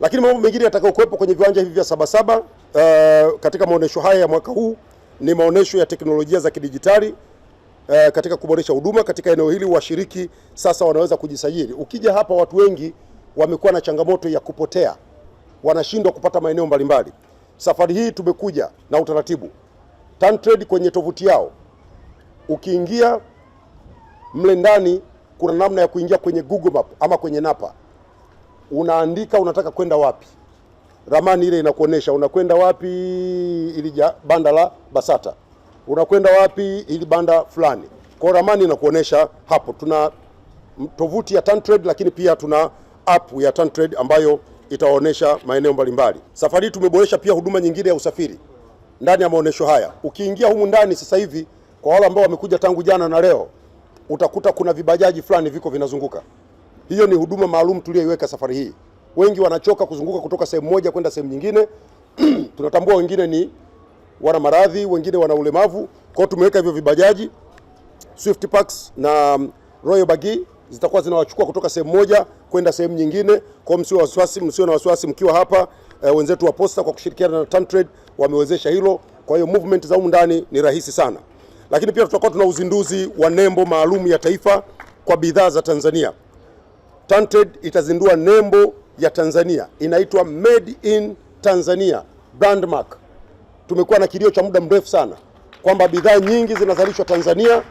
Lakini mambo mengine yatakayokuwepo kwenye viwanja hivi vya Sabasaba uh, katika maonesho haya ya mwaka huu ni maonesho ya teknolojia za kidijitali uh, katika kuboresha huduma katika eneo hili. Washiriki sasa wanaweza kujisajili. Ukija hapa, watu wengi wamekuwa na changamoto ya kupotea, wanashindwa kupata maeneo mbalimbali. Safari hii tumekuja na utaratibu. Tantrade kwenye tovuti yao ukiingia mle ndani kuna namna ya kuingia kwenye Google Map ama kwenye Napa unaandika unataka kwenda wapi, ramani ile inakuonesha unakwenda wapi, ili banda la Basata unakwenda wapi, ili banda fulani. Kwa ramani inakuonesha hapo. Tuna tovuti ya TanTrade, lakini pia tuna app ya TanTrade ambayo itaonesha maeneo mbalimbali. Safari hii tumeboresha pia huduma nyingine ya usafiri ndani ya maonesho haya. Ukiingia humu ndani sasa hivi, kwa wale ambao wamekuja tangu jana na leo, utakuta kuna vibajaji fulani viko vinazunguka. Hiyo ni huduma maalum tuliyoiweka safari hii. Wengi wanachoka kuzunguka kutoka sehemu moja kwenda sehemu nyingine. Tunatambua wengine ni wana maradhi, wengine wana ulemavu, hiyo tumeweka hivyo vibajaji Swift Parks na um, Royal Bagi zitakuwa zinawachukua kutoka sehemu moja kwenda sehemu nyingine. Kwa msio wasiwasi, msio na wasiwasi mkiwa hapa e, wenzetu wa Posta kwa kushirikiana na Tantrade wamewezesha hilo. Kwa hiyo movement za humu ndani ni rahisi sana, lakini pia tutakuwa tuna uzinduzi wa nembo maalum ya taifa kwa bidhaa za Tanzania. Tanted itazindua nembo ya Tanzania inaitwa Made in Tanzania brandmark. Tumekuwa na kilio cha muda mrefu sana kwamba bidhaa nyingi zinazalishwa Tanzania,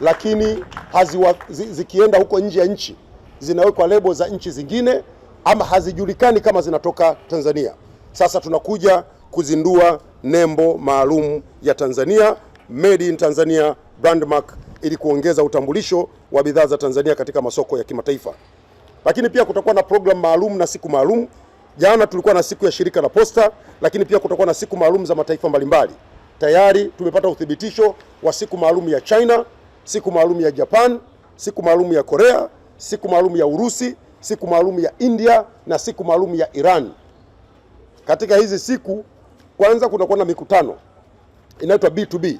lakini haziwa, zikienda huko nje ya nchi zinawekwa lebo za nchi zingine ama hazijulikani kama zinatoka Tanzania. Sasa tunakuja kuzindua nembo maalum ya Tanzania Made in Tanzania brandmark ili kuongeza utambulisho wa bidhaa za Tanzania katika masoko ya kimataifa lakini pia kutakuwa na program maalum na siku maalum. Jana tulikuwa na siku ya shirika la posta, lakini pia kutakuwa na siku maalum za mataifa mbalimbali. Tayari tumepata uthibitisho wa siku maalum ya China, siku maalum ya Japan, siku maalum ya Korea, siku maalum ya Urusi, siku maalum ya India na siku maalum ya Iran. Katika hizi siku kwanza kunakuwa na mikutano inaitwa B2B.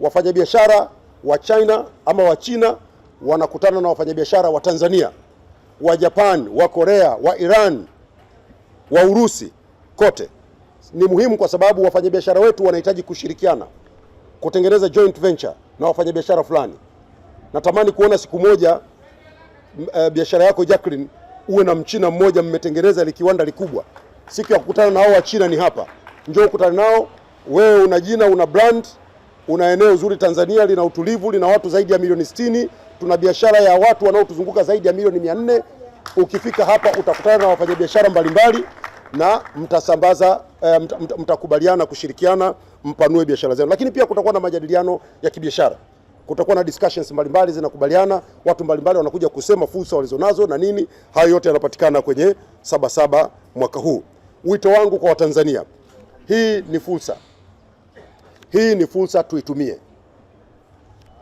Wafanyabiashara wa China ama wa China wanakutana na wafanyabiashara wa Tanzania wa Japan, wa Korea, wa Iran, wa Urusi, kote ni muhimu kwa sababu wafanyabiashara wetu wanahitaji kushirikiana kutengeneza joint venture na wafanyabiashara fulani. Natamani kuona siku moja e, biashara yako Jacqueline, uwe na mchina mmoja mmetengeneza likiwanda likubwa. Siku ya kukutana na hao wa China ni hapa, njoo ukutane nao. Wewe una jina, una brand una eneo zuri Tanzania, lina utulivu, lina watu zaidi ya milioni sitini. Tuna biashara ya watu wanaotuzunguka zaidi ya milioni mia nne. Ukifika hapa utakutana na wafanyabiashara mbalimbali na mtasambaza eh, mt, mtakubaliana kushirikiana, mpanue biashara zenu, lakini pia kutakuwa na majadiliano ya kibiashara, kutakuwa na discussions mbalimbali zinakubaliana, watu mbalimbali wanakuja kusema fursa walizonazo na nini. Hayo yote yanapatikana kwenye Sabasaba mwaka huu. Wito wangu kwa Watanzania, hii ni fursa. Hii ni fursa tuitumie.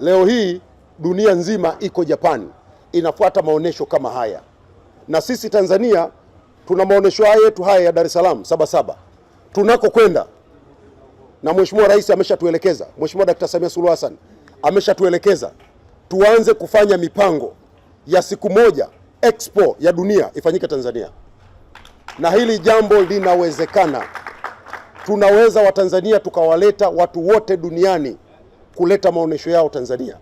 Leo hii dunia nzima iko Japani inafuata maonesho kama haya, na sisi Tanzania tuna maonesho haya yetu haya ya Dar es Salaam Sabasaba kwenda na Mheshimiwa Rais ameshatuelekeza, Mheshimiwa Daktari Samia Suluhu Hassan ameshatuelekeza tuanze kufanya mipango ya siku moja expo ya dunia ifanyike Tanzania, na hili jambo linawezekana tunaweza Watanzania tukawaleta watu wote duniani kuleta maonesho yao Tanzania.